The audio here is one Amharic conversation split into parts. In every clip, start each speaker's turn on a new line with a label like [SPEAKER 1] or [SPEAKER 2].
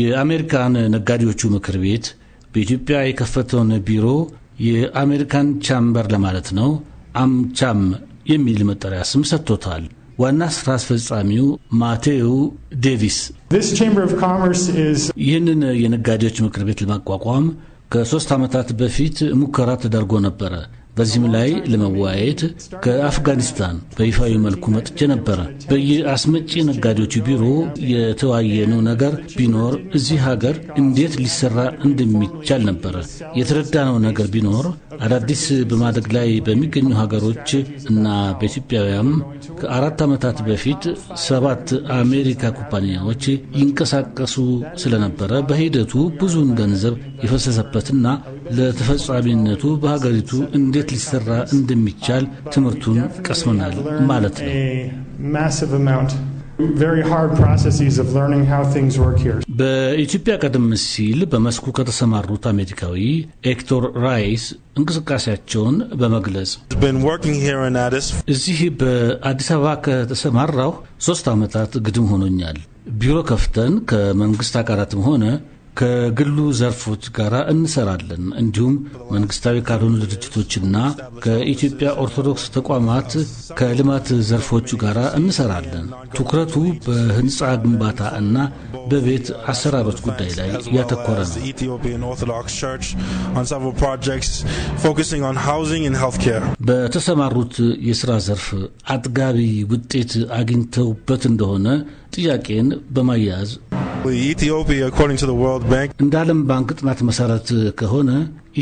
[SPEAKER 1] የአሜሪካን ነጋዴዎቹ ምክር ቤት በኢትዮጵያ የከፈተውን ቢሮ የአሜሪካን ቻምበር ለማለት ነው፣ አምቻም የሚል መጠሪያ ስም ሰጥቶታል። ዋና ስራ አስፈጻሚው ማቴው ዴቪስ ይህንን የነጋዴዎች ምክር ቤት ለማቋቋም ከሶስት ዓመታት በፊት ሙከራ ተደርጎ ነበረ። በዚህም ላይ ለመወያየት ከአፍጋኒስታን በይፋዊ መልኩ መጥቼ ነበረ። በየአስመጪ ነጋዴዎቹ ቢሮ የተወያየነው ነገር ቢኖር እዚህ ሀገር እንዴት ሊሰራ እንደሚቻል ነበረ። የተረዳነው ነገር ቢኖር አዳዲስ በማደግ ላይ በሚገኙ ሀገሮች እና በኢትዮጵያውያም ከአራት ዓመታት በፊት ሰባት አሜሪካ ኩባንያዎች ይንቀሳቀሱ ስለነበረ በሂደቱ ብዙውን ገንዘብ የፈሰሰበትና ለተፈጻሚነቱ በሀገሪቱ እንዴት ሊሰራ እንደሚቻል ትምህርቱን ቀስመናል ማለት ነው። በኢትዮጵያ ቀደም ሲል በመስኩ ከተሰማሩት አሜሪካዊ ኤክቶር ራይስ እንቅስቃሴያቸውን በመግለጽ እዚህ በአዲስ አበባ ከተሰማራሁ ሶስት ዓመታት ግድም ሆኖኛል። ቢሮ ከፍተን ከመንግስት አካላትም ሆነ ከግሉ ዘርፎች ጋር እንሰራለን። እንዲሁም መንግስታዊ ካልሆኑ ድርጅቶችና ከኢትዮጵያ ኦርቶዶክስ ተቋማት ከልማት ዘርፎቹ ጋር እንሰራለን። ትኩረቱ በህንፃ ግንባታ እና በቤት አሰራሮች ጉዳይ
[SPEAKER 2] ላይ ያተኮረ ነው።
[SPEAKER 1] በተሰማሩት የስራ ዘርፍ አጥጋቢ ውጤት አግኝተውበት እንደሆነ ጥያቄን በማያያዝ እንደ ዓለም ባንክ ጥናት መሠረት ከሆነ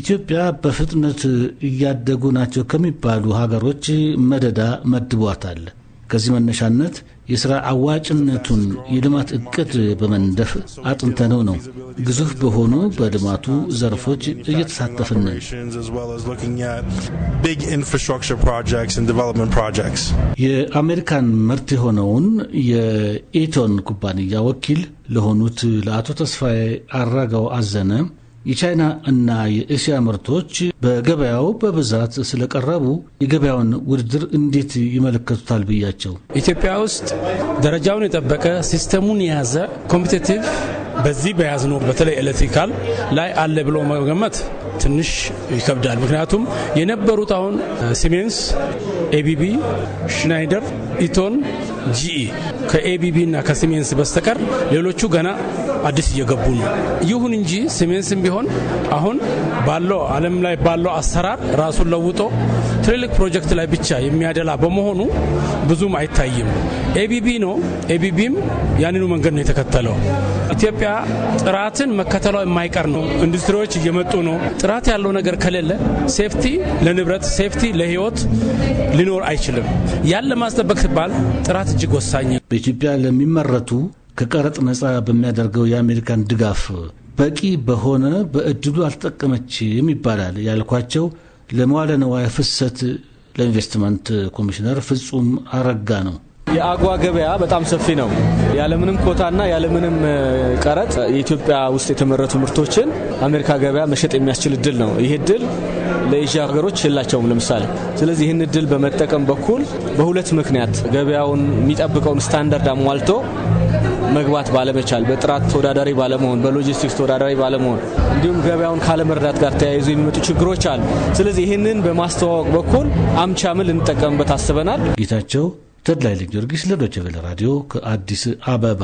[SPEAKER 1] ኢትዮጵያ በፍጥነት እያደጉ ናቸው ከሚባሉ ሀገሮች መደዳ መድቧታል። ከዚህ መነሻነት የሥራ አዋጭነቱን የልማት እቅድ በመንደፍ አጥንተነው ነው ግዙፍ በሆኑ በልማቱ ዘርፎች እየተሳተፍንን
[SPEAKER 2] የአሜሪካን
[SPEAKER 1] ምርት የሆነውን የኢቶን ኩባንያ ወኪል ለሆኑት ለአቶ ተስፋዬ አራጋው አዘነ የቻይና እና የእስያ ምርቶች በገበያው በብዛት ስለቀረቡ የገበያውን ውድድር እንዴት ይመለከቱታል ብያቸው
[SPEAKER 2] ኢትዮጵያ ውስጥ ደረጃውን የጠበቀ ሲስተሙን የያዘ ኮምፒቴቲቭ በዚህ በያዝነው በተለይ ኤሌክትሪካል ላይ አለ ብሎ መገመት ትንሽ ይከብዳል። ምክንያቱም የነበሩት አሁን ሲሜንስ፣ ኤቢቢ፣ ሽናይደር፣ ኢቶን፣ ጂኢ ከኤቢቢ እና ከሲሜንስ በስተቀር ሌሎቹ ገና አዲስ እየገቡ ነው። ይሁን እንጂ ሲሜንስም ቢሆን አሁን ባለው ዓለም ላይ ባለው አሰራር ራሱን ለውጦ ትልልቅ ፕሮጀክት ላይ ብቻ የሚያደላ በመሆኑ ብዙም አይታይም። ኤቢቢ ነው። ኤቢቢም ያንኑ መንገድ ነው የተከተለው። ኢትዮጵያ ጥራትን መከተሏ የማይቀር ነው። ኢንዱስትሪዎች እየመጡ ነው። ጥራት ያለው ነገር ከሌለ ሴፍቲ ለንብረት ሴፍቲ ለህይወት ሊኖር አይችልም። ያን ለማስጠበቅ ሲባል ጥራት እጅግ ወሳኝ
[SPEAKER 1] በኢትዮጵያ ለሚመረቱ ከቀረጥ ነፃ በሚያደርገው የአሜሪካን ድጋፍ በቂ በሆነ በእድሉ አልተጠቀመችም ይባላል ያልኳቸው ለመዋለ ነዋይ ፍሰት ለኢንቨስትመንት ኮሚሽነር ፍጹም አረጋ ነው።
[SPEAKER 3] የአጓ ገበያ በጣም ሰፊ ነው። ያለምንም ኮታና ያለምንም ቀረጥ የኢትዮጵያ ውስጥ የተመረቱ ምርቶችን አሜሪካ ገበያ መሸጥ የሚያስችል እድል ነው። ይህ እድል ለኤዥያ ሀገሮች የላቸውም ለምሳሌ። ስለዚህ ይህን እድል በመጠቀም በኩል በሁለት ምክንያት ገበያውን የሚጠብቀውን ስታንዳርድ አሟልቶ መግባት ባለመቻል፣ በጥራት ተወዳዳሪ ባለመሆን፣ በሎጂስቲክስ ተወዳዳሪ ባለመሆን እንዲሁም ገበያውን ካለመርዳት ጋር ተያይዞ የሚመጡ ችግሮች አሉ። ስለዚህ ይህንን በማስተዋወቅ በኩል አምቻምን ልንጠቀምበት አስበናል። ጌታቸው
[SPEAKER 1] ተድላይ ጊዮርጊስ ለዶቸቬለ ራዲዮ ከአዲስ አበባ